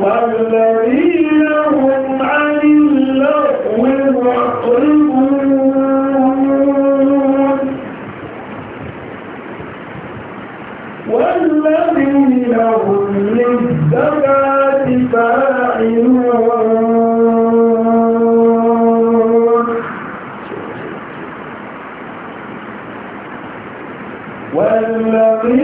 والذين هم عن معرضون والذين هم والذين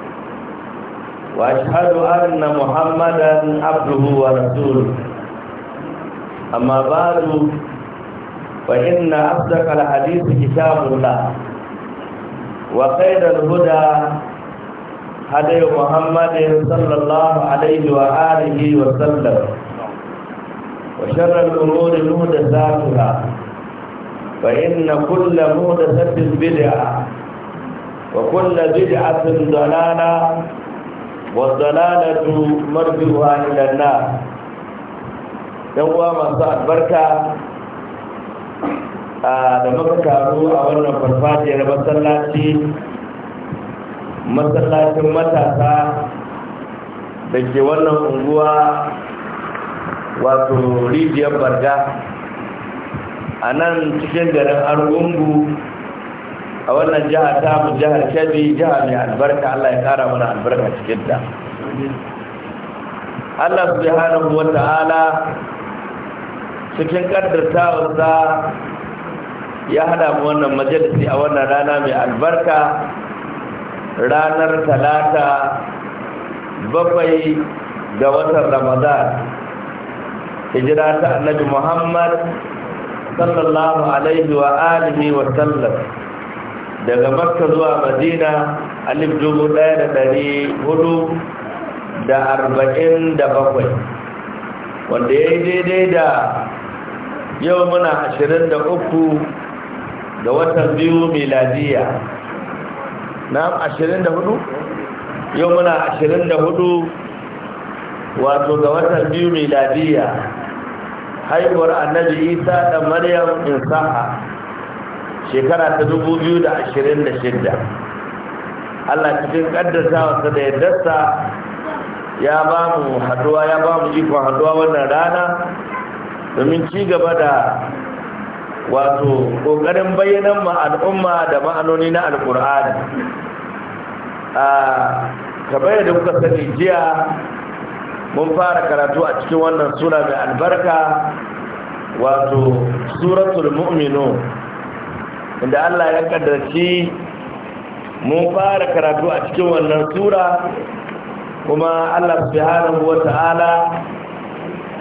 وأشهد أن محمدا عبده ورسوله أما بعد فإن أصدق الحديث كتاب الله وخير الهدى هدي محمد صلى الله عليه وآله وسلم وشر الأمور مهدساتها فإن كل مهدسة بدعة وكل بدعة ضلالة والضلالة مرجوها إلى Dan uwa masu albarka da muka a wannan farfajiyar masallaci masallacin matasa da ke wannan unguwa wato rijiyar barga a nan cikin garin argungu a wannan jiha ta mu jihar kebbi jiha mai albarka allah ya kara mana albarka cikin ta. allah subhanahu wa ta'ala cikin kaddartawarsa ya hada mu wannan majalisi a wannan rana mai albarka ranar talata bakwai ga watan ramadan hijira ta annabi muhammad sallallahu alaihi wa alihi wa sallam daga makka zuwa madina alif dubu ɗaya da ɗari hudu da arba'in da bakwai wanda ya yi daidai da yau muna ashirin da uku da watan biyu miladiya na ashirin da hudu yau muna ashirin da hudu wato ga watan biyu miladiya haihuwar annabi isa da maryam in saha. shekara ta dubu biyu da ashirin da shidda allah cikin wasa da yardarsa ya ba mu haduwa ya ba mu ikon haduwa wannan rana domin ci gaba da wato ƙoƙarin bayyanan ma al'umma da ma'anoni na alƙur'ani a kamar da kuka sani jiya mun fara karatu a cikin wannan sura mai albarka wato suratul mu'minun inda Allah ya kaddarci mu fara karatu a cikin wannan sura kuma Allah subhanahu wata'ala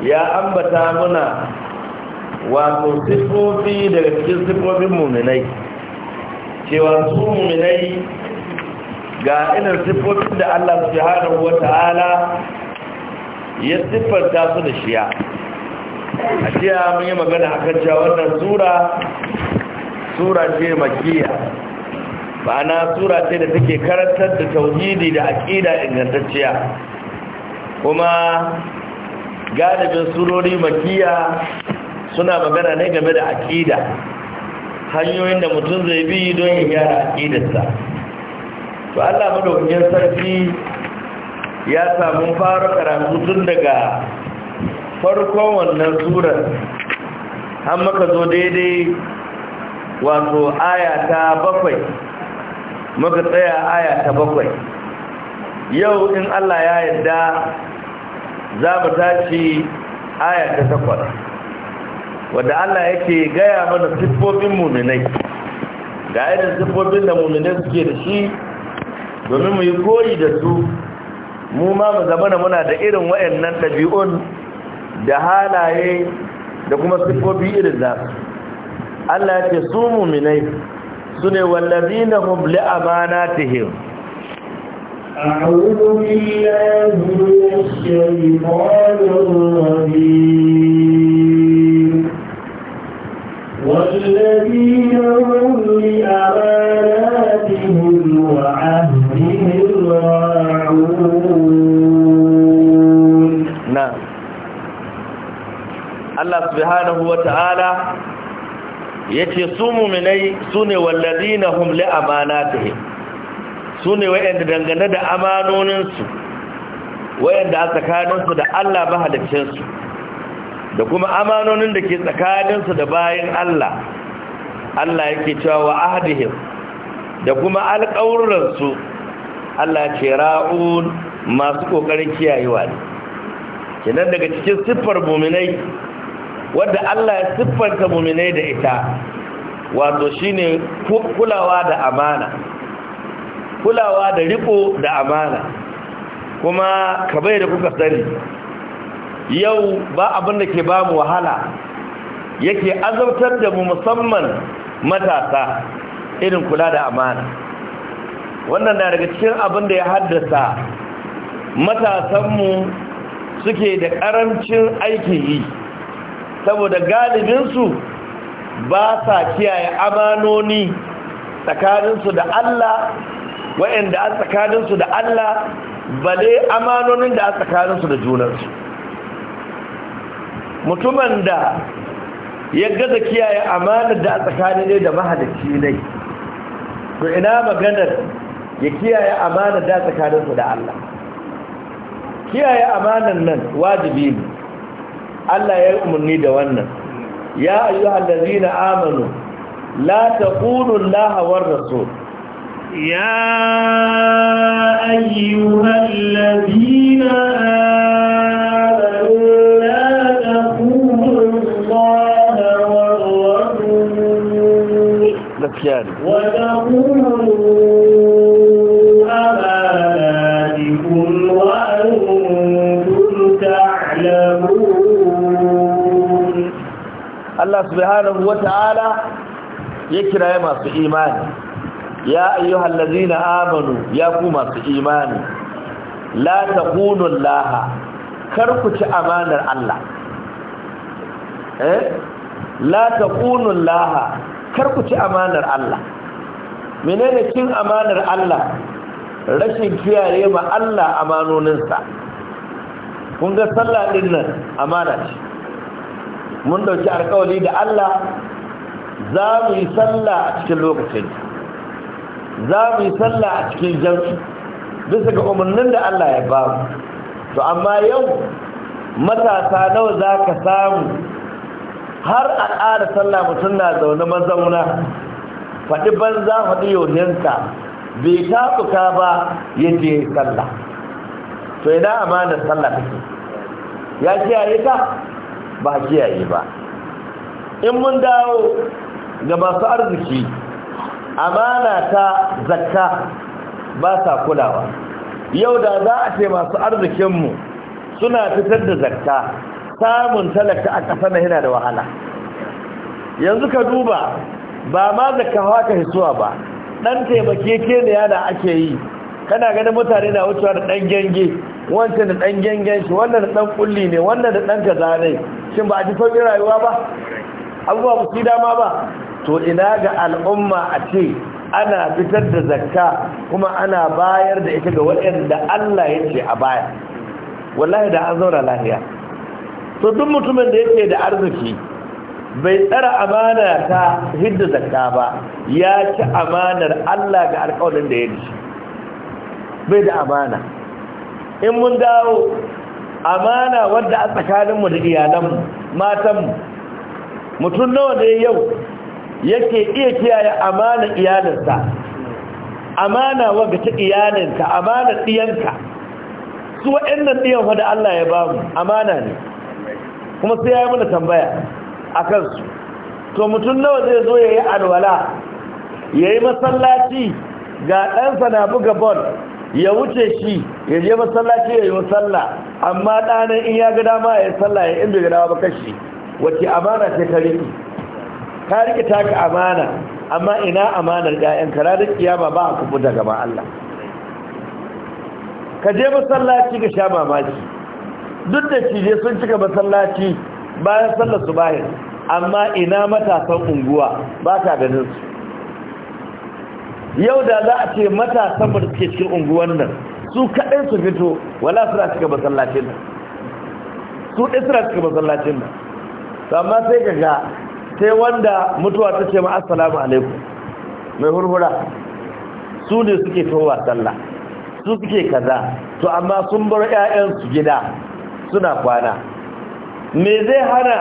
ya ambata muna wato sifofi daga cikin sifofin muminai cewa su muminai ga irin sifofin da Allah subhanahu wata'ala ya siffanta su da shiya a jiya mun yi magana akan cewa wannan sura sura ce makiya ma'ana sura ce da take karantar da tauhidi da aqida ingantacciya kuma galibin surori makiya suna magana ne game da aqida hanyoyin da mutum zai bi don ya gyara aqidarsa to Allah madaukakin sarki ya samu fara karatu tun daga farkon wannan surar har muka zo daidai wato ayata bakwai muka tsaya aya bakwai yau in Allah ya yarda za mu tashi aya ta takwas wadda Allah yake gaya mana siffofin muminai ga irin siffofin da muminai suke da shi domin mu yi koyi da su mu ma mu zama muna da irin waɗannan ɗabi'un da halaye da kuma siffofi irin zasu Allah ya ce su muminai su ne wallazi na hubli amana ta him والذين هم لأماناتهم وعهدهم راعون نعم الله سبحانه وتعالى yace su mu'minai su ne na sune amana ta yi su ne wayanda dangane da amanoninsu wayanda a tsakaninsu da Allah ba da kuma amanonin da ke tsakaninsu da bayan Allah Allah ya ke cewa wa ahadihim da kuma alƙawuran Allah ce ra'un masu ƙoƙarin kiyayewa ne kenan daga cikin siffar mu'minai wadda Allah ya siffanta muminai da ita wato shine kulawa da amana kulawa da riko da amana kuma bai da kuka sani yau ba abin da ke bamu wahala yake azabtar da mu musamman matasa irin kula da amana wannan na daga cikin abin da ya haddasa matasanmu suke da ƙarancin aikin yi saboda galibinsu ba sa kiyaye amanoni tsakaninsu da Allah wa'anda a tsakaninsu da Allah bale amanonin da a tsakaninsu da junansu mutumin da ya gaza kiyaye amanar da a tsakanin ne da mahalicci ne to ina maganar ya kiyaye amanar da a tsakaninsu da Allah kiyaye amanar nan wajibi ne Allah ya yi umarni da wannan ya ayyuhal ladzina amanu la taqulu allaha war rasul ya ayyuhal ladzina amanu la taqulu allaha war rasul gaskiya ne wa taqulu Allah subhanahu wata'ala ya kiraye masu imani ya ayyuhal ladina amanu ya ku masu imani la taqulu laha kar ku ci amanar Allah eh la taqulu laha kar ku ci amanar Allah menene cin amanar Allah rashin kiyaye ma Allah amanoninsa kun ga sallah din nan amana ce mun dauki alƙawari da Allah za mu yi sallah a cikin lokacin za mu yi sallah a cikin jansu bisa ga umarnin da Allah ya ba mu to amma yau matasa nawa za ka samu har a ƙara sallah mutum na zaune mazauna faɗi banza faɗi yohinta bai taɓuka ba ya je sallah to idan da sallah take ya yi ta ba kiyaye ba in mun dawo ga masu arziki amana ta zakka ba sa kulawa yau da za a ce masu arzikinmu suna fitar da zakka samun talaka a ƙasa na yana da wahala yanzu ka duba ba ma zakka haka hisuwa ba ɗan taimake ke ne yana ake yi kana ganin mutane na wucewa da ɗan genge wancan da ɗan gengen shi wannan da ɗan kulli ne wanda da ɗan kaza ne shin ba a ji sauƙin rayuwa ba abubuwa ba su dama ba to ina ga al'umma a ce ana fitar da zakka kuma ana bayar da ita ga waɗanda Allah ya ce a baya wallahi da an zauna lafiya to duk mutumin da yake da arziki bai tsara amana ta hidda zakka ba ya ci amanar Allah ga alƙawarin da ya ci bai da amana in mun dawo amana wadda a tsakaninmu da iyalanmu matanmu mutum nawa ne yau yake iya kiyaye amana iyalinsa amana wadda ta iyalinka amana ɗiyanka su waɗannan ɗiyan wadda Allah ya bamu amana ne kuma sai ya yi mana tambaya a kansu to mutum nawa zai zo ya yi alwala ya yi masallaci ga ɗansa na buga bol ya wuce shi ya je masallaci ya yi masalla amma ɗanan in ya ga dama ya yi sallah ya inda bai ga dama ba kashi wace amana ce ka riƙe ka ta ka amana amma ina amanar ƴaƴan kara da kiyama ba a kubu daga ma Allah ka je masallaci ka sha mamaki duk da shi je sun cika masallaci bayan sallar su bayan amma ina matasan unguwa ba ka ganin su yau da za a ce matasan da suke cikin unguwan nan su kaɗai su fito wala suna cika masallacin nan su ɗai suna cika masallacin nan amma sai ka ga sai wanda mutuwa ta ce ma assalamu alaikum mai hurhura su ne suke towa sallah su suke kaza to amma sun bar 'ya'yansu gida suna kwana me zai hana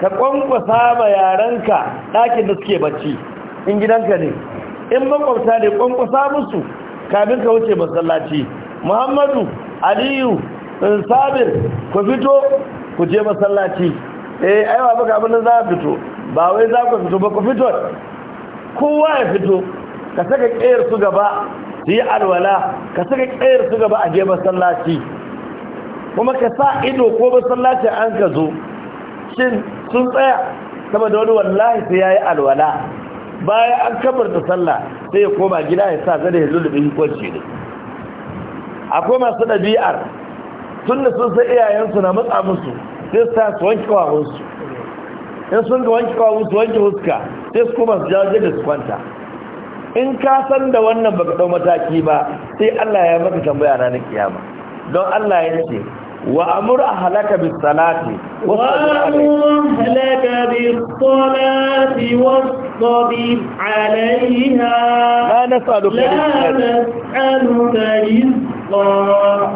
ka kwankwasa ma yaranka ɗakin da suke bacci in gidanka ne in makwabta ne kwankwasa musu kamin ka wuce masallaci muhammadu aliyu sabir ku fito ku je masallaci eh aiwa baka abin za a fito ba wai za ku fito ba ku fito kowa ya fito ka saka kayar su gaba su yi alwala ka saka kayar su gaba a je masallaci kuma ka sa ido ko masallaci an ka zo shin sun tsaya saboda wani wallahi sai yayi alwala bayan an da sallah sai ya koma gida ya sa zane ya lulluɓe kwanci ne a akwai masu ɗabi'ar tun da sun san iyayensu na matsa musu sai su su wanke kawawunsu in sun ga wanke kawawunsu wanke huska sai su koma su jawo da su kwanta in ka san da wannan baka ɗau mataki ba sai allah ya maka tambaya ranar kiyama don allah ya ce وأمر أهلك بالصلاة وأمر أهلك بالصلاة واصطبر عليها لا نسألك لا نسألك رزقا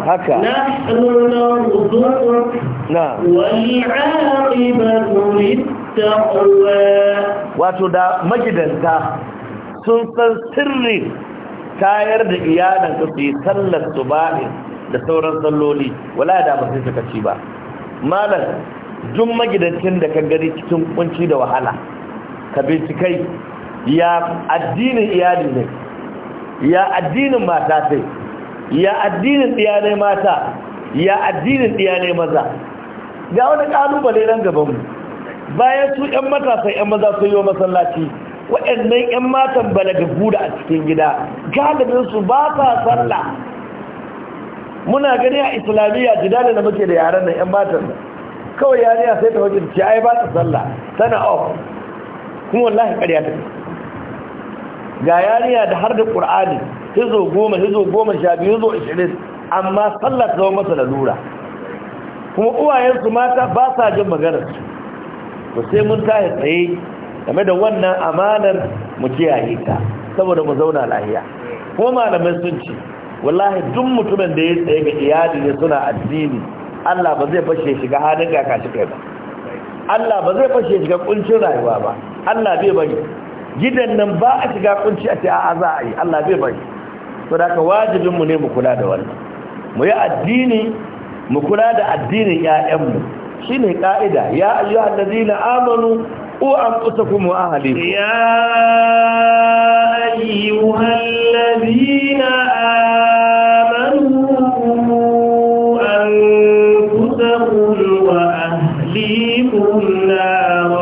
هكا نحن نرزقك نعم والعاقبة للتقوى وتدا مجدا sun san sirri tayar da iyalanka su yi da sauran salloli wala da ba sai suka ci ba malam duk magidancin da ka gari cikin kunci da wahala ka bincikai ya addinin iyali ne ya addinin mata sai ya addinin iyalai mata ya addinin iyalai maza ga wani kalubale nan mu. bayan su 'yan matasa ƴan maza sun yi masallaci waɗannan ƴan matan balagagu da a cikin gida galibinsu ba sa sallah muna gani a islamiyya jidalin da muke da yaren nan yan matan nan kawai yariya sai ta wajen ce ai ba ta sallah tana off kuma wallahi ƙarya ta ga yariya da har da qur'ani hizo goma hizo goma sha biyu hizo ishirin amma sallah ta zama masa lalura kuma uwayensu mata ba sa jin maganar to sai mun tashi tsaye game da wannan amanar mu kiyaye ta saboda mu zauna lahiya kuma malamai sun ce wallahi duk mutumin da ya tsaye ga iyali ne suna addini Allah ba zai fashe shiga halin kaka shi kai ba Allah ba zai fashe shiga kuncin rayuwa ba Allah bai bari gidan nan ba a shiga kunci a ce a'a za a yi Allah bai bari to da ka wajibin mu ne mu kula da wannan mu yi addini mu kula da addinin ƴaƴanmu shine ka'ida ya ayyuhallazina amanu وأنفسكم وأهلكم يا أيها الذين آمنوا أنفسكم وأهليكم نارا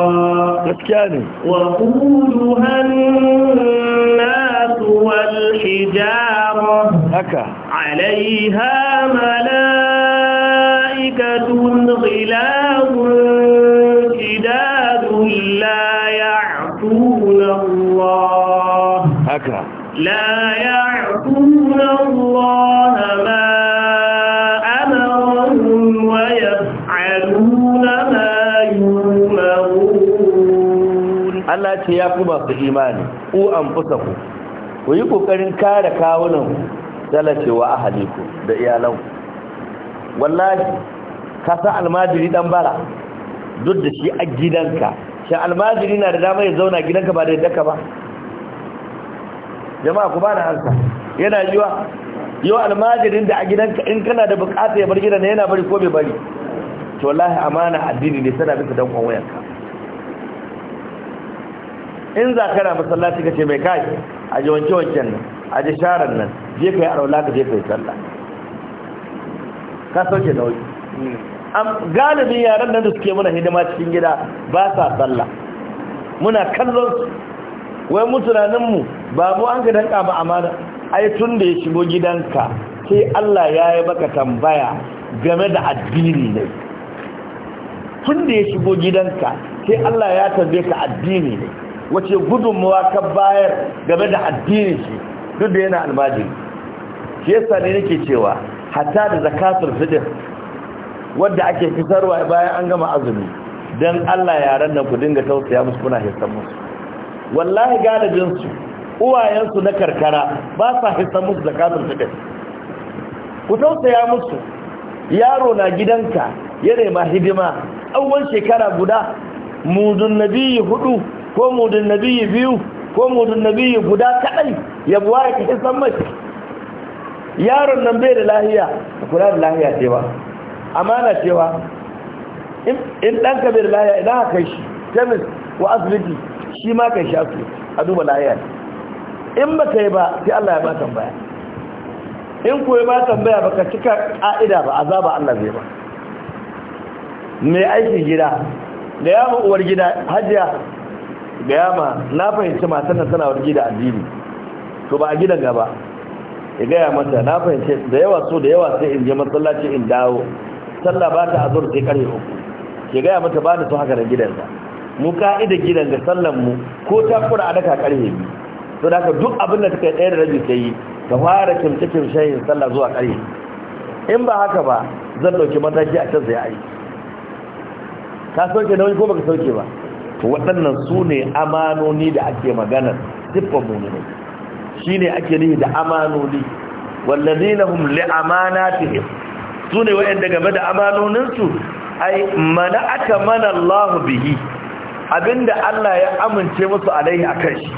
وقولها الناس والحجارة عليها ملائكة الله هكا لا يعصون الله ما امرهم ويفعلون ما يؤمرون الله تي يقوم بالايمان او انفسكم ويي kokarin kare kawunan talace wa ahaliku da iyalan wallahi ka sa almajiri dan bara duk da shi a gidanka shi almajiri na da dama ya zauna gidanka ba da yadda ba jama'a ku ba na hansa yana yiwa yau almajirin da a gidanka in kana da bukata ya bar gida na yana bari ko bai bari to lahi amana addini ne tana bisa dan kwan wayanka in za ka na masallaci ka ce mai kai a ji wanke wancan nan a ji sharan nan je ka yi arola ka je ka yi sallah ka sauke nauyi hmm. galibin yaren nan da suke muna hidima cikin gida ba sa sallah muna kallon su wai mu ba mu an ga danka ba amana ai tun da ya shigo gidanka sai Allah ya yi baka tambaya game da addini ne tun da ya shigo gidanka sai Allah ya tambaye ka addini ne wace gudunmawa ka bayar game da addini shi duk da yana almajiri shi yasa ne nake cewa hatta da zakatul fitr wadda ake fitarwa bayan an gama azumi don Allah yaren nan ku dinga tausaya musu kuna hisan musu wallahi galibin su uwayensu na karkara ba sa hisan musu zakatun fitr ku tausaya musu yaro na gidanka ya nema hidima tsawon shekara guda mudun nabiyyi hudu ko mudun nabiyyi biyu ko mudun nabiyyi guda kadai ya buwa ya kisan mace yaron nan bai da lahiya kula da lahiya ce ba amana cewa in ɗan kabir laya idan haka kai shi kemis wa asibiti shi ma kai sha su a duba laya in ba ka yi ba sai Allah ya ba tambaya in koyi ba tambaya ba ka cika ƙa'ida ba azaba Allah zai ba mai aikin gida da yama uwar gida hajiya da yama na fahimci matan da sana'ar gida addini to ba a gidan gaba ya gaya mata na fahimci da yawa so da yawa sai in je masallaci in dawo sallah ba ta azur sai karfe uku ke gaya mata ba da su haka da gidansa mu ka'idar gidan da sallan mu ko ta kura a daka karfe biyu to da duk abin da take ɗaya da rabi ta yi ta fara kimce kimshayin sallah zuwa karfe in ba haka ba zan ɗauki mataki a can sai aiki ka sauke nauyi ko baka sauke ba waɗannan su ne amanoni da ake magana siffan mu shi ne ake nihi da amanoni wallazina hum li amanatihim su ne wa'anda game da amanoninsu ai mana aka mana Allah bihi abinda Allah ya amince musu alaihi akan shi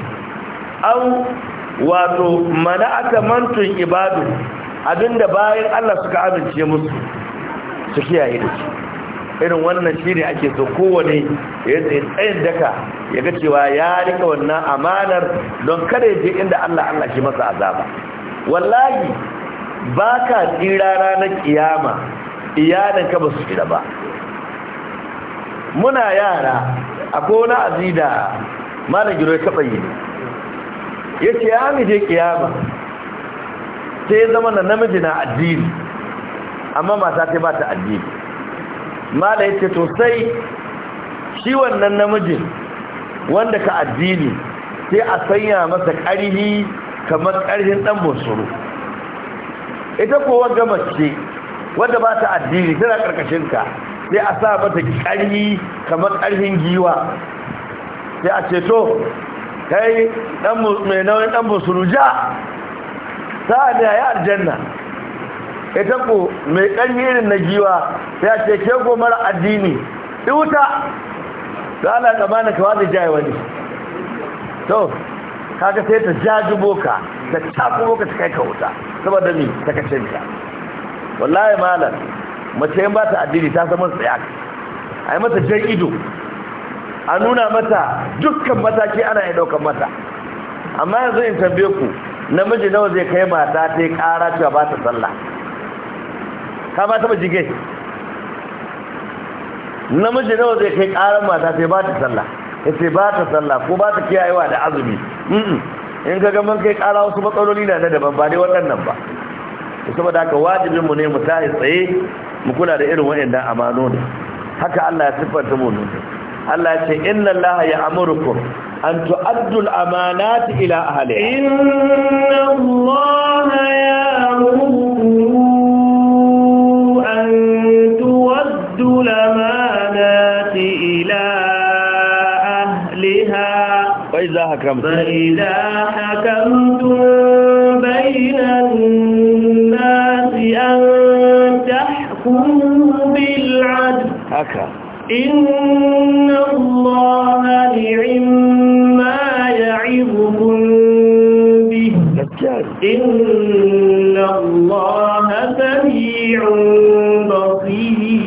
au wato mana aka mantun ibadu abinda bayan Allah suka amince musu su kiyaye da shi irin wannan shi ne ake so kowane ya tsayin daka ya ga cewa ya rika wannan amanar don kada ya je inda Allah Allah shi masa azaba wallahi ba ka tsira ranar kiyama iyalinka ba su tsira ba muna yara a wani azida malam giro ya taɓa yi ya ce ya je kiyama sai zama na namiji na addini amma mata ta ba ta addini malam ya ce to sai shi wannan namijin wanda ka addini sai a sanya masa ƙarhi kamar ƙarhin ɗan bunsuru ita kowa gama ce wadda ba ta addini tana ka sai a sa mata ƙarni kamar karfin giwa sai a ce to kai mai nauyin ɗan musuruja ta da ya aljanna ita ko mai ƙarni irin na giwa sai a ce ke gomar addini ɗuta da ana tsammanin kawa da jaye wani to kaga sai ta jajibo ka ta cakubo ka ta kai ka wuta saboda mi ta wallahi malam mace in ba ta addini ta zama tsaya a yi mata jan ido a nuna mata dukkan mataki ana yi daukan mata amma yanzu in tambaye ku namiji nawa zai kai mata ta yi kara cewa ba ta sallah ka ba ta majige namiji nawa zai kai karan mata ta yi ba ta sallah ya ce ba ta sallah ko ba ta kiyayewa da azumi in ga gaman kai kara wasu matsaloli na na daban ba dai waɗannan ba saboda haka wajibin mu ne mu tashi tsaye mu kula da irin waannan amanoni haka Allah ya siffanta mu Allah ya ce inna Allah ya amurukum an tu'addu al-amanati ila ahliha inna Allah ya أكرمتم فإذا حكمتم بين الناس أن تحكموا بالعدل أكرم إن الله نعم ما يعظكم به إن الله سميع بصير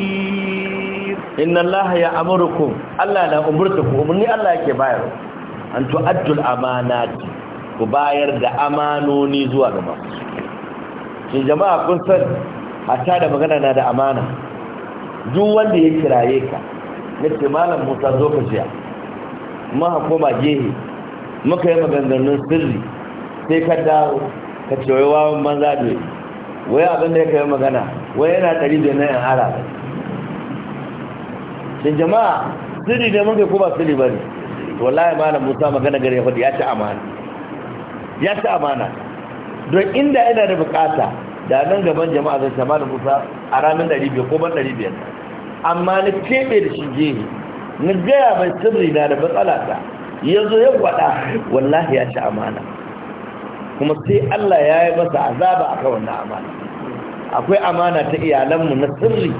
إن الله يأمركم الله لا أمرتكم أمرني الله يكبير an tu'addul amanati ku bayar da amanoni zuwa ga masu shi jama'a kun san hatta da magana na da amana duk wanda ya kiraye ka ce malam Musa zo ka jiya Mun koma gehe muka yi maganganun sirri sai ka dawo ka ce wai wawan banza yi. wai abin da ya kai magana wai yana ɗari da na yan hala shi jama'a sirri ne muka ko ba sirri ba ne wallahi malam Musa magana gare ya faɗi ya ci amana ya ci amana don inda yana da bukata da nan gaban jama'a zai sama da Musa a ranar 500 ko ban 500 amma ni keɓe da shi je ni gaya mai sirri na da matsala ta yanzu ya faɗa wallahi ya ci amana kuma sai Allah ya yi masa azaba a kan wannan amana akwai amana ta iyalanmu na sirri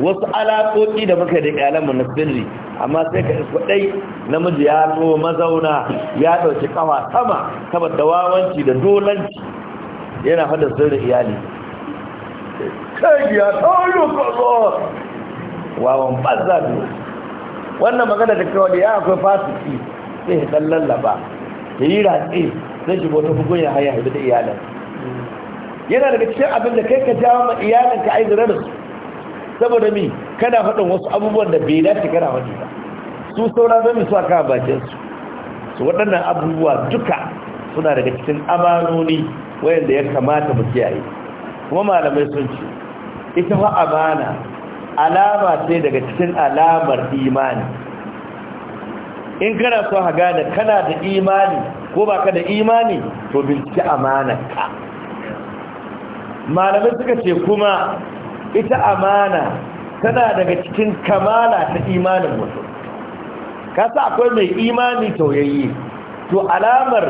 wasu alaƙoƙi da muka da iyalanmu na sirri amma sai ka isko dai namiji ya zo mazauna ya dauki kafa sama saboda wawanci da dolanci yana fada sirri iyali kai ya tsoro kazo wawan bazza wannan magana da kawai ya akwai fasiki sai ya dan lallaba ya yi ratsi zai shi ta bugun ya haya da iyalan yana daga cikin abin da kai ka jawo ma iyalinka ai saboda mi kana faɗin wasu abubuwan da bai dace kana faɗi ba su saura zai su suwa bakin su su waɗannan abubuwa duka suna daga cikin amanoni wayanda ya kamata mu kiyaye kuma malamai sun ce ita fa amana alama ce daga cikin alamar imani in kana so ka gane kana da imani ko baka da imani to binciki ka malamai suka ce kuma ita amana tana daga cikin kamala ta imanin mutum kasa akwai mai imani tauyayye to alamar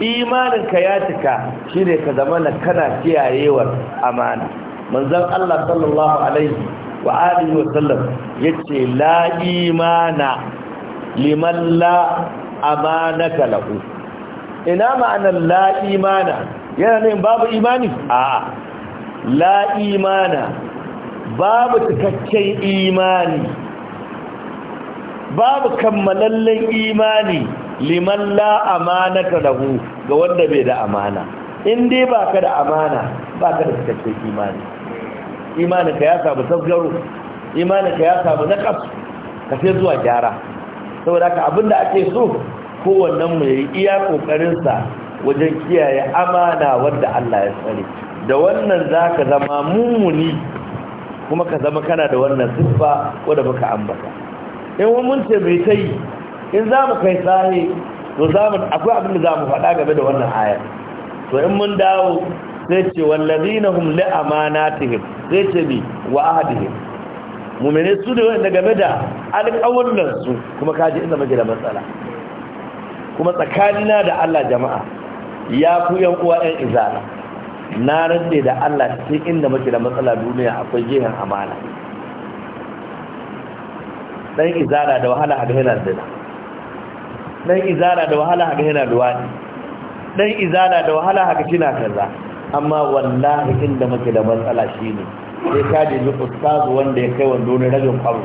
imaninka ya cika shi ne ka zama na kana kiyayewar amana manzan Allah sallallahu alaihi wa alihi wasallam ya ce la imana liman la amanaka lahu ina ma'anar la imana yana ne babu imani a la imana babu cikakken imani babu kammalallen imani liman la amanata lahu ga wanda bai da amana in dai baka da amana baka da cikakken imani ka ya samu Imanin ka ya samu naqas ka sai zuwa gyara saboda haka abinda ake so kowannen mu yayi iya kokarin sa wajen kiyaye amana wanda Allah ya tsare da wannan zaka zama mummuni kuma ka zama kana da wannan siffa wadda muka ambata in mun ce mai ta yi in za mu kai tsaye to akwai abin da za mu faɗa game da wannan ayar to in mun dawo sai ce wallazina hum li amanatihim sai ce bi wa ahdihim mu'mini su ne wanda game da alƙawunansu? su kuma kaji inda muke da matsala kuma tsakanina da Allah jama'a ya ku yan uwa yan izala na rantse da Allah cikin inda muke da matsala duniya akwai gehen amana dan izara da wahala a yana zina dan izara da wahala a gahina duwani dan izara da wahala haka kina kaza amma wallahi inda muke da matsala shine sai ka ji ustaz wanda ya kai wando ne ragin kwaro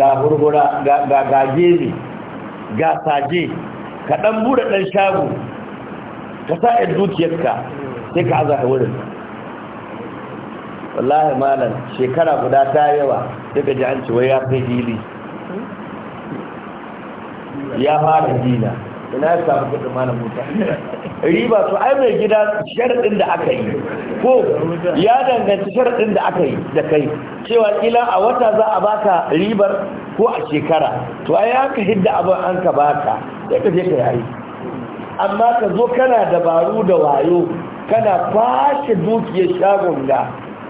ga hurgura ga ga gage ga saje ka dan bude dan shago ka sa dukiyarka sai ka aza wurin wallahi malam shekara guda ta yawa Daga ka ji an ya fi hili ya fara hila ina ya samu kudu malam musa riba to ai mai gida sharaɗin da aka yi ko ya danganci sharaɗin da aka yi da kai cewa kila a wata za a baka ribar ko a shekara to ai ya ka hidda abin an ka baka ya ka je ka yayi amma ka zo kana dabaru da wayo kana fashe dukiyar shagon ga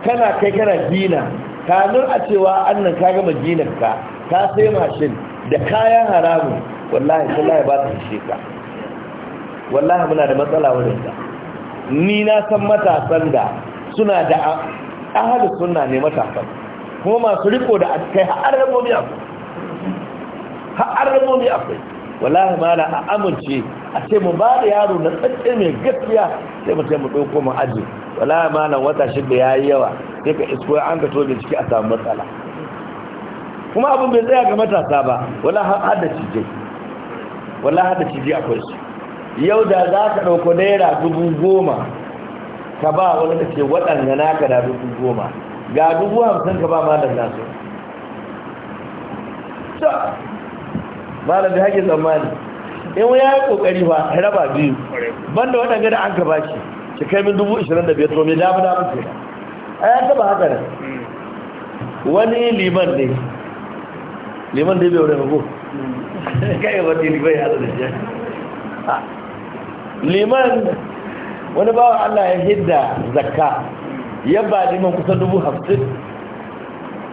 kana kai kana gina kanin a cewa annan ka gama ginar ka ka sai mashin da kayan haramun wallahi sallaya ba ta shi ka wallahi muna da matsala wurin da ni na san matasan da suna da ahadu suna ne matasan kuma masu riko da kai har rabobi akwai har rabobi akwai wallahi ma na amince a ce mu ba da yaro na tsakke mai gaskiya sai mu ce mu ɗauko mu aji wala ma nan wata shida ya yi yawa sai ka isko an ka tobe ciki a samu matsala kuma abin bai tsaya ga matasa ba wala har da cije wala har da cije akwai shi. yau da za ka ɗauko naira dubu goma ka ba wani da ce waɗanda naka da dubu goma ga dubu hamsin ka ba ma da nasu malam da hake tsammani in ya yi kokari ba raba biyu banda wata gada an gaba shi shi kai min dubu ishirin da biyar to mai dafi damu a ya taba haka ne wani liman ne liman da ya bai wurin ko kai wani liman ya da shi liman wani bawa allah ya hidda zakka ya ba liman kusan dubu hamsin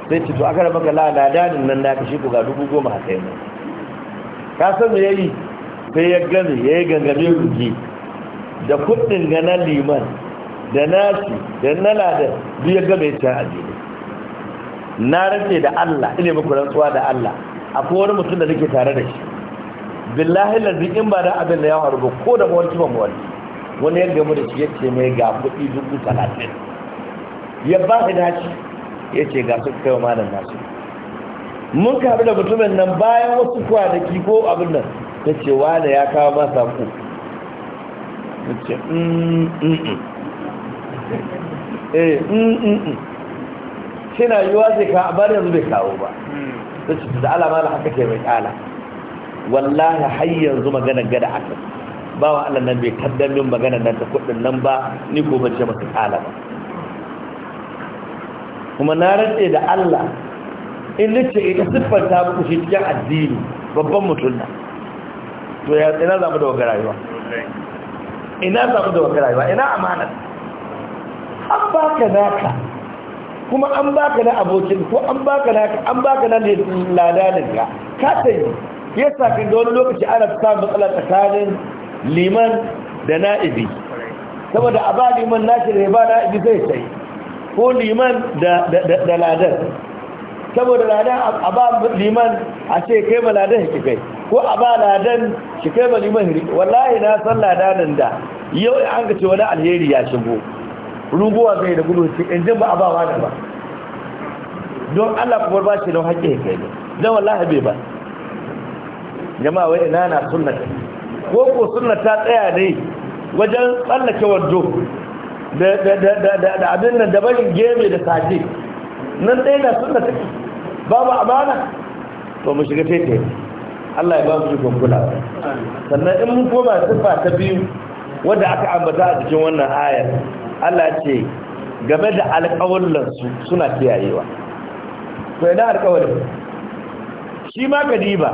sai ce to aka raba ga laladanin nan na kashi ku ga dubu goma a kai ka san me yi sai ya gani ya yi gangame rugi da kudin ga na liman da nasi da nala da biya game a jini na rantse da Allah ina muku rantsuwa da Allah akwai wani mutum da nake tare da shi billahi lardin in ba da abin da ya faru ba ko da mawarki ba mawarki wani ya gamu da shi ya ce mai ga kuɗi dubu talatin ya ba shi dace ya ce ga su kai wa malam nasu mun kabi da mutumin nan bayan wasu kwanaki ko abin nan ta ce wane ya kawo masa ku? ta ce mm, mm, mm. eh yi wa zai ka bari yanzu bai kawo ba ta ce da alama na haka ke mai kala wallahi har yanzu magana gada aka ba wa Allah nan bai kaddan min magana nan ta kudin nan ba ni ko bace masu masa kala ba kuma na rantse da Allah in nace ita siffar ta muku shi cikin addini babban mutum nan. to ya ina za mu da wanga rayuwa ina za mu dogara rayuwa ina amana an baka naka kuma an baka na abokin ko an baka na an baka na ladanin ka ka ya yasa kin da wani lokaci ana samun matsala tsakanin liman da na'ibi saboda a ba liman nashi da ya ba na'ibi zai sai ko liman da ladar saboda ladar a ba liman a ce kai ma ladar ya kai ko a ba ladan shi kai ba liman hiri wallahi na san ladanin da yau an ga cewa wani alheri ya shigo ruguwa zai da gudu shi in ba a ba wa da ba don allah kuma ba shi don haƙƙi ya kai don wallahi bai ba jama'a wai ina na sunnata ko ko sunna ta tsaya ne wajen tsallake wando da abin nan da barin geme da saje nan ɗaya na sunna take babu amana to mu shiga tete Allah ya ba mu ikon kula sannan in mun koma sifa ta biyu wadda aka ambata a cikin wannan ayar Allah ce game da alƙawallansu suna kiyayewa to ina alƙawalin shi ma kadiba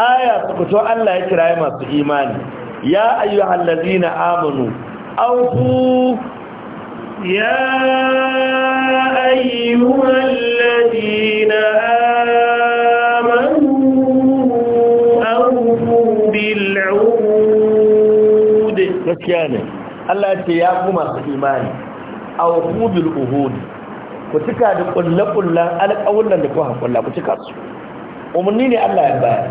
aya su fito Allah ya kira masu imani ya ayyuhal ladina amanu awfu ya ayyuhal ladina amanu gaskiya ne Allah ce ya ku masu imani aw qudul uhud ku cika da kullakullan alƙawunan da ku haƙulla ku cika su umarni ne Allah ya bayar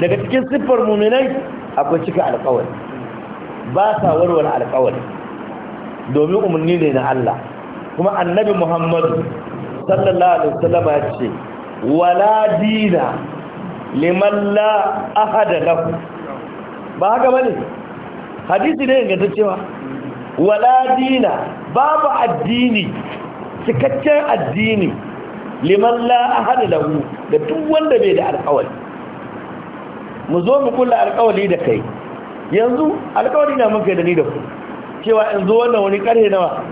daga cikin siffar muminai akwai cika alƙawari ba sa warware alƙawari domin umarni ne na Allah kuma annabi Muhammadu sallallahu alaihi wasallam ya ce wala dina liman la ahada lahu ba haka bane hadisi ne cewa wala dina babu addini cikakken addini liman la ahada lahu da duk wanda bai da alƙawari mu zo mu kula alƙawari da kai yanzu alƙawari na muka da ni da ku cewa in wannan wani ƙarhe nawa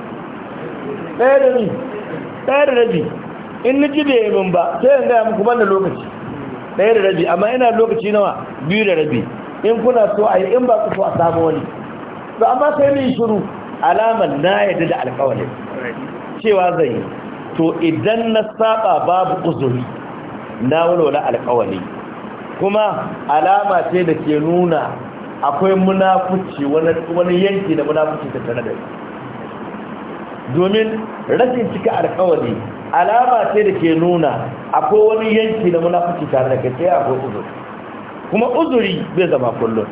ɗaya da ni ɗaya da rabi in ni ji bai min ba sai in gaya muku banda lokaci ɗaya da rabi amma ina lokaci nawa biyu da rabi in kuna so a yi in ba su so a samu wani to amma sai mai shiru alamar na yadda da alkawalin cewa zai yi to idan na saba babu uzuri na walwala alkawali kuma alama ce da ke nuna akwai munafuci wani yanki da munafuci ta tare da domin rashin cika alkawali alama ce da ke nuna akwai wani yanki da munafuci tare da kai sai akwai uzuri kuma uzuri bai zama kullun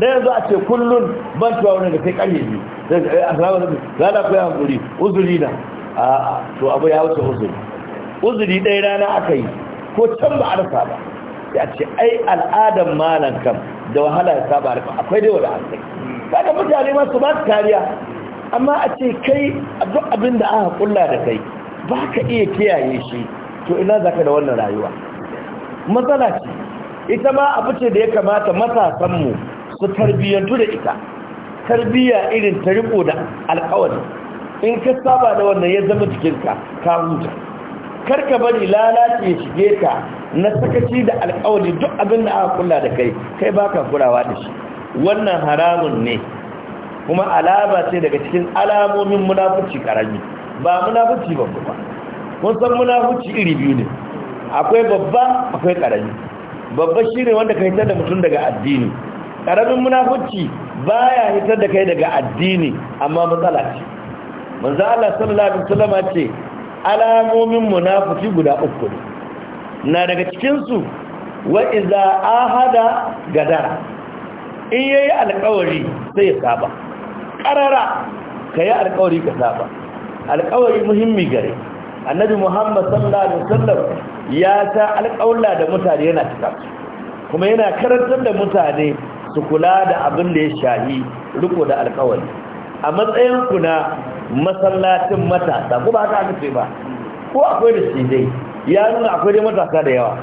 da yanzu a ce kullun ban tuwa wani da sai kanye ne rana zai ya eh, hankuri uzuri na a to abu ya wuce uzuri uzuri ɗaya rana aka yi ko can ba a rasa ba ya ce ai al'adan malan kam da wahala ya saba rufa akwai dai wada asali kaga mutane ma su ba su kariya amma a ce kai duk abin da aka kulla da kai ba ka iya kiyaye shi to ina zaka da wannan rayuwa matsala ce ita ma abu ce da ya kamata matasanmu su tarbiyyantu da ita tarbiyya irin ta riko da alkawari in ka saba da wannan ya zama jikinka ka huta ka bari lalace ya shige ka na sakaci da alkawari duk abin da aka kula da kai kai baka kulawa da shi wannan haramun ne kuma alama ce daga cikin alamomin munafuci karami ba munafuci ba kuma kun san munafuci iri biyu ne akwai babba akwai karami babba shi ne wanda ka hitar da mutum daga addini Ƙaramin munafurci ba ya hitar da kai daga addini amma matsala ce manzan Allah sallallahu alaihi ce alamomin munafurci guda uku ne na daga cikinsu su wa ahada gadara in ya yi alƙawari sai ya saba ka yi alƙawari ka saba alƙawari muhimmi gare annabi muhammad sallallahu alaihi wasallam ya ta alƙawla da mutane yana cika kuma yana karantar da mutane su kula da abin da ya shahi riko da alƙawari a matsayin ku na masallacin matasa ko ba haka aka ba ko akwai da shi dai ya nuna akwai dai matasa da yawa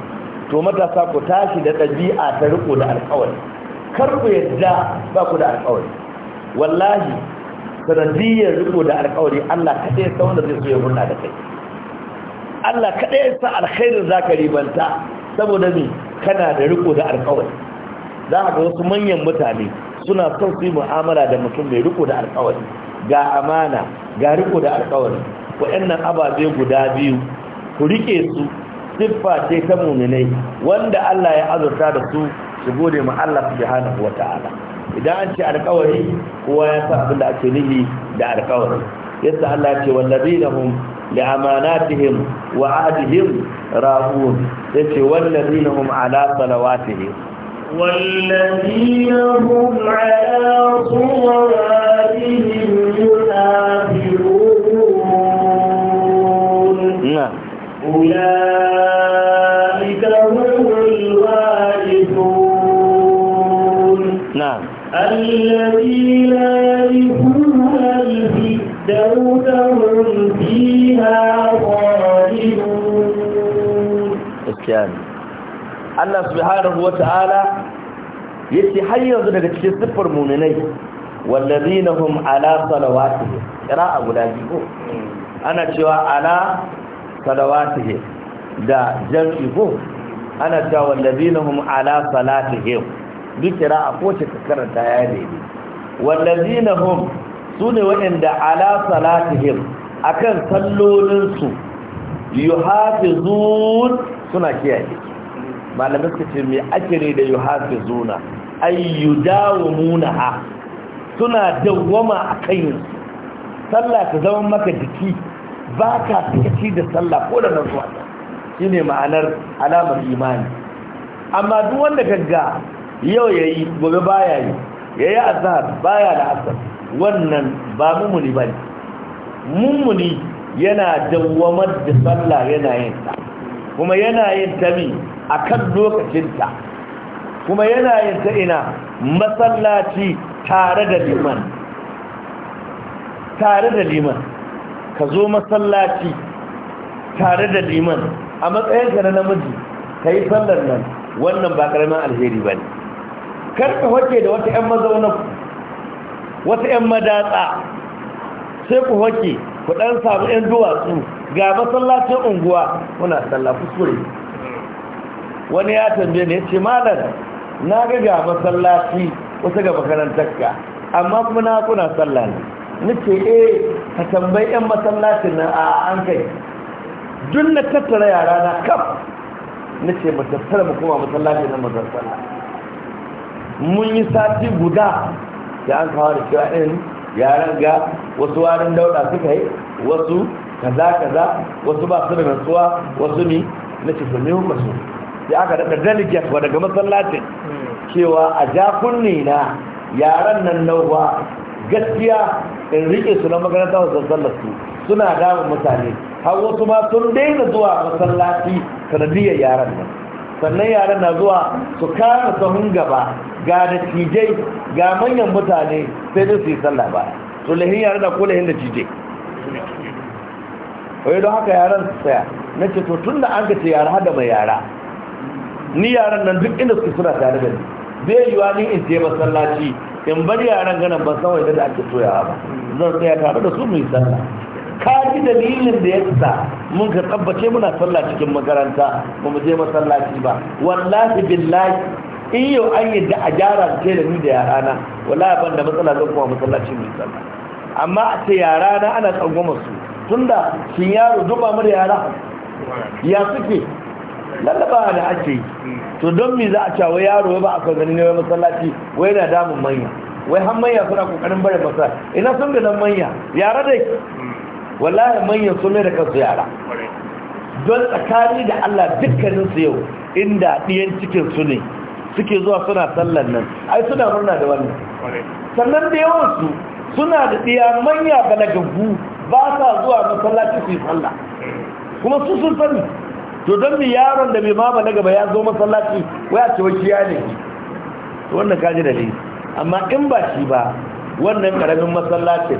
to matasa ku tashi da ɗabi'a ta riko da alƙawari kar ku yadda ba ku da alƙawari wallahi sanadiyyar riko da alƙawari Allah kaɗai ya da zai so ya murna da kai Allah kaɗai ya sa alkhairin za ka ribanta saboda me kana da riko da alkawari za ka ga wasu manyan mutane suna son su yi mu'amala da mutum mai riko da alkawari ga amana ga riko da alkawari waɗannan ababe guda biyu ku rike su siffa ce ta muminai wanda Allah ya azurta da su su gode ma Allah subhanahu wata'ala idan an ce alkawari kowa ya san abin da ake nihi da alkawari yasa Allah ce wallazina hum li'amanatihim wa ahdihim ra'un yace wallazina hum ala salawatihim والذين هم على صلواتهم يحافظون نعم أولئك هم الوارثون نعم الذين موتهم فيها خالدون Allah subhanahu wa ta'ala yace har yanzu daga cikin siffar muminai wallazina hum ala salawatihim qira'a guda biyu ana cewa ala salawatihim da jam'i ko ana cewa wallazina hum ala salatihim bi qira'a ko ce karanta ya ne wallazina hum su ne waɗanda ala salatihim akan sallolinsu zuun suna kiyaye malamai suka ce me ake ne da dawo muna ha suna dawwama a yin sallah ta zama maka jiki ba ka fi da sallah ko da zuwa Shi ne ma'anar alamar imani amma duk wanda kaga yau ya yi gobe baya yi yayi azhar baya da asar wannan ba mummuni ba ne mummuni yana dawwamar da sallah yana yin kuma yana yin ta mi a kan lokacinta kuma yana yin ta ina masallaci tare da liman tare da liman ka zo masallaci tare da liman a matsayinka na namiji ka yi sallar nan wannan ba karamin alheri ba ne karka hoke da wata 'yan mazaunan wata 'yan madatsa sai ku hoki ku ɗan samu 'yan duwatsu ga masallacin unguwa muna sallah kuskure wani ya tambe ne ya ce malar na ga ga masallaci wata ga makarantarka amma kuma na kuna sallah ne nake eh ka tambayi 'yan masallacin nan a an kai dun na tattara yara na kaf nake matattara mu kuma masallacin nan mu sallah mun yi sati guda Yan an kawo da cewa irin yaran ga wasu warin dauda suka yi wasu kaza kaza wasu ba su da nutsuwa wasu ne na cikin masu sai aka daɗa delegate wa daga masallacin cewa a jakunni na yaran nan nauwa gaskiya in rike su na makaranta wasu sallar su suna damun mutane har wasu ma sun daina zuwa masallaci sanadiyar yaran nan sannan yaren na zuwa su kasa sahun gaba ga da tijai ga manyan mutane sai dai su yi sallah ba to lahin yaren na kula da tijai wai don haka yaren su tsaya na ce to tun da an ka ce yara hada mai yara ni yaren nan duk inda suke suna tare da ni zai yiwa ni in je masallaci in bar yaren ganin ban san wanda da ake toyawa ba zan tsaya tare da su mu yi sallah ka ji dalilin da ya sa mun ka tabbace muna sallah cikin makaranta ba mu je masallaci ba wallahi billahi in yau an da a gyara ce da ni da yarana wallahi ban da matsala zan kuma masallaci mai sallah amma a ce yarana ana tsangwama su tunda shin yaro duba mu da yara ya suke lallaba da ake yi to don me za a cewa yaro ba a kan ganin wai masallaci wai na damun manya wai har manya suna kokarin bare masa ina sun ga nan manya yara dai wallahi manyan sun da kansu yara don tsakani da Allah dukkanin su yau inda ɗiyan cikin su ne suke zuwa suna sallan nan ai suna murna da wannan sannan da yawan su suna da ɗiya manya balagagu ba sa zuwa masallaci su yi sallah kuma su sun sani to don mi yaron da mai mama na gaba ya zo masallaci a ce shi ya ne wannan kaji da ne amma in ba shi ba wannan karamin masallacin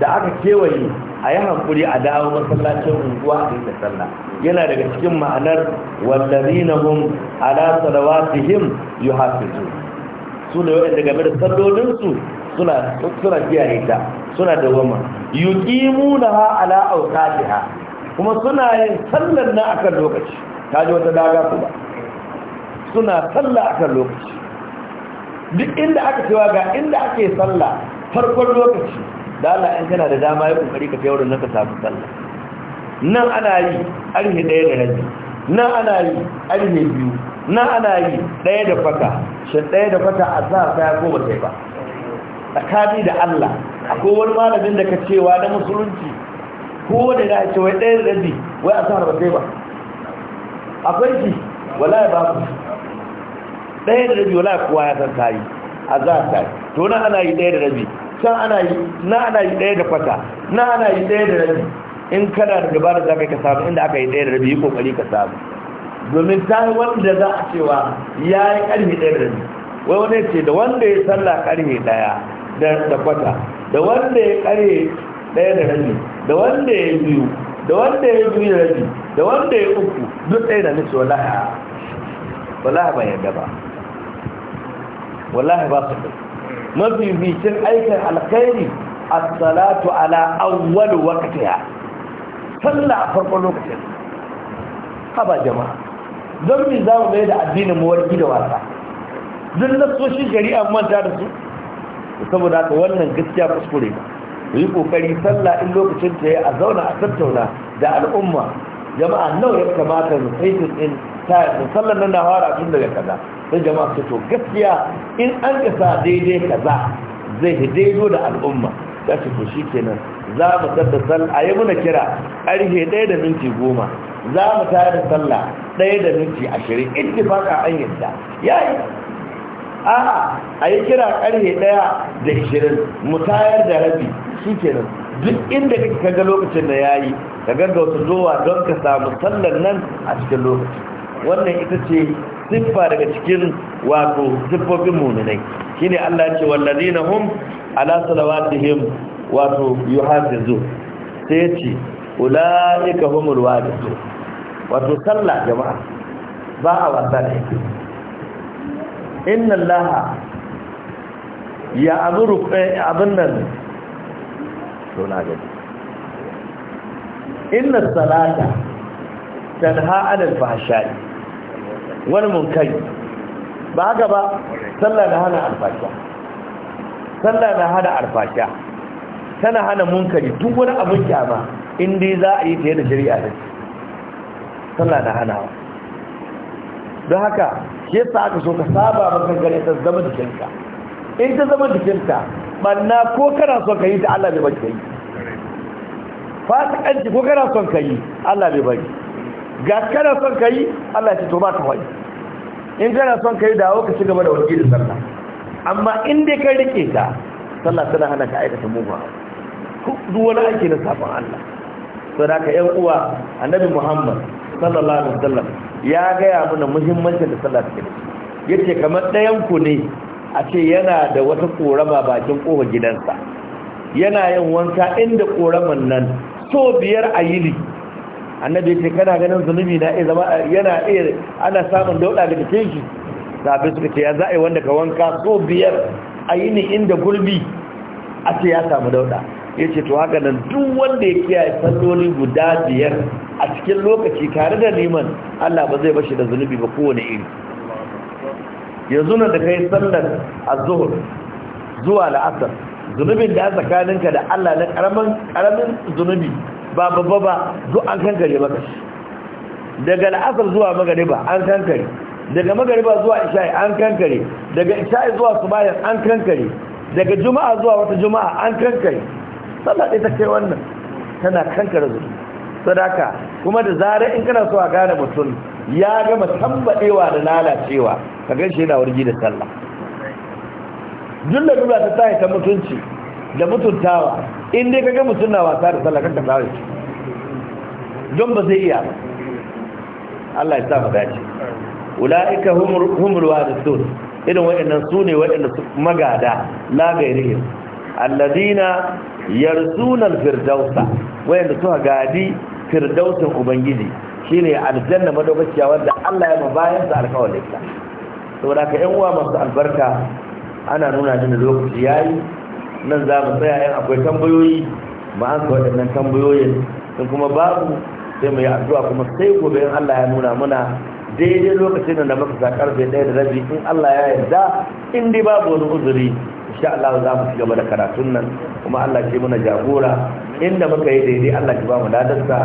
da aka kewaye a yi hankuri a dawo masallacin unguwa a da sallah yana daga cikin ma'anar wallazina hum ala salawatihim yuhafizu su ne wanda game da sallolin su suna suna kiyaye ta suna wama yuqimuna ala awqatiha kuma suna yin sallar na akan lokaci ji wata daga ba. suna sallah akan lokaci duk inda aka cewa ga inda ake sallah farkon lokaci da Allah in kana da dama ya kokari ka kai wurin nan ka samu sallah nan ana yi arhe ɗaya da rabi nan ana yi arhe biyu nan ana yi ɗaya da fata, shi ɗaya da fata a za ta ya koma sai ba tsakani da Allah akwai wani malamin da ka cewa na musulunci ko da ya ce wai ɗaya da rabi wai a sa ba sai ba akwai shi wala ya ba ku ɗaya da rabi wala kowa ya san yi, a za ta to nan ana yi ɗaya da rabi can ana yi na ana yi ɗaya da kwata na ana yi ɗaya da rabi in kana da dabara za ka yi samu inda aka yi ɗaya da rabi yi kokari ka samu domin ta yi wanda za a cewa ya yi ƙarfe ɗaya da rabi wai wani ce da wanda ya salla ƙarfe ɗaya da kwata da wanda ya ƙarfe ɗaya da rabi da wanda ya biyu da wanda ya biyu da rabi da wanda ya uku duk ɗaya da nace wallahi wallahi ban yarda ba wallahi ba su ɗaya mafificin aikin alkhairi a salatu ala awwal waqtiha sallah farkon lokacin haba jama'a don mi za mu da addinin mu warki da wasa duk gari shari'a manta da su saboda haka wannan gaskiya kuskure ne yi kokari sallah in lokacin ta yi a zauna a tattauna da al'umma jama'a nawa ya kamata replacement din tayar musallan nan na fara tun daga kaza sai jama'a su to gaskiya in an kasa daidai kaza zai daidai da al'umma ta ce to shi kenan za mu tada sallah a yi muna kira ƙarfe ɗaya da minti goma za mu tayar da sallah ɗaya da minti ashirin in ittifaka an yadda ya yi a'a a yi kira ƙarfe ɗaya da ashirin mu tayar da rabi shi kenan duk inda kake kaga lokacin da yayi ka gaggauta zuwa don ka samu sallan nan a cikin lokaci wannan ita ce siffa daga cikin wato siffofin mu'minai shine Allah ya ce wallazina hum ala salawatihim wato yuhafizu sai ya ce ula'ika humul wadisu wato sallah jama'a ba a wasa da yake inna allaha ya amuru eh, abin nan to na gani inna salata tanha anil fahsha'i wal munkari ba haka ba sallah na hana alfasha sallah na hana alfasha tana hana munkari duk wani abin kyama in dai za a yi ta yadda shari'a ne sallah na hana hanawa don haka shi yasa aka so ka saba maka gare ta zama jikinka in ta zama jikinka banna ko kana son ka yi ta Allah bai baki ka yi fasikanci ko kana son ka yi Allah bai baki ga kana son ka yi Allah ya ce to ba ka wani in kana son ka yi dawo ka ci gaba da wani da sallah amma in dai ka rike ta sallah tana hana ka aikata mugun duk wani ake na sabon Allah sadaka da ka yan uwa annabi Muhammad sallallahu alaihi wasallam ya gaya mana muhimmancin da sallah take yace kamar dayan ku ne a ce yana da wata korama bakin kofar gidansa yana yin wanka inda koraman nan so biyar a yini annabi ce kana ganin zunubi na iya zama yana iya ana samun dauɗa da cikin shi sabi suka ce ya za a yi wanda ka wanka so biyar a yini inda gurbi? a ce ya samu dauɗa ya ce to haka nan duk wanda ya kiyaye salloli guda biyar a cikin lokaci tare da neman allah ba zai bashi da zunubi ba kowane iri yanzu na da kai sallar az zuwa la'asar zunubin da tsakaninka da Allah na karamin karamin zunubi ba babba ba duk an kankare maka shi daga la'asar zuwa magariba an kankare daga magariba zuwa isha'i an kankare daga isha'i zuwa subayan an kankare daga juma'a zuwa wata juma'a an kankare sallar ita kai wannan tana kankare zunubi sadaka kuma da zarar in kana so a gane mutum ya gama tambadewa da lalacewa ka gan shi yana wargi da sallah duk da ta tahi ta mutunci da mutuntawa in dai ka ga mutum na wasa da sallah kanka tsawo shi don ba zai iya ba Allah ya sa mu dace ulaika hum hum alwarisun irin waɗannan su ne waɗanda su magada la gairihim alladina yarsuna alfirdausa waɗanda suka gadi firdausin ubangiji shine aljanna madaukakiya wanda Allah ya bayan da alƙawarin to da ka yan uwa masu albarka ana nuna ni da lokaci yayi nan za mu tsaya yan akwai tambayoyi ba an ka waɗannan tambayoyin sun kuma babu sai mu yi addu'a kuma sai gobe in Allah ya nuna muna daidai lokacin da muka sa karfe ɗaya da rabi in Allah ya yarda in dai babu wani uzuri insha Allah za mu ci gaba da karatun nan kuma Allah ce muna jagora inda muka yi daidai Allah ki ba mu ladarsa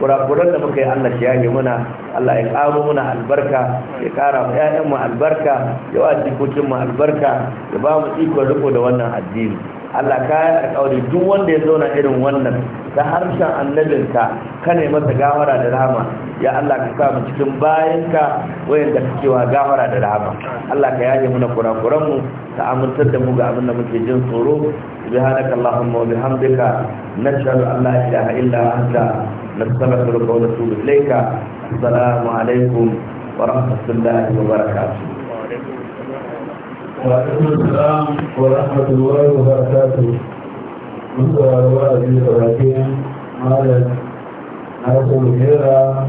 kurakuran da muka yi Allah ki yage muna Allah ya karo muna albarka ya kara mu ƴaƴan mu albarka ya wa jikokin mu albarka ya ba mu iko riko da wannan addini Allah ka yi alƙawari duk wanda ya zauna irin wannan da harshen annabinka ka ne masa gawara da rahama ya Allah ka samu cikin bayanka wayanda kake wa gawara da rahama Allah ka yaje muna kurakuran mu ta amintar da mu ga abin da muke jin tsoro subhanaka allahumma wa bihamdika nashhadu an la ilaha illa anta nastaghfiruka wa natubu ilayka assalamu alaikum wa rahmatullahi wa barakatuh وعليكم السلام ورحمة الله وبركاته inda ruwa de biyu da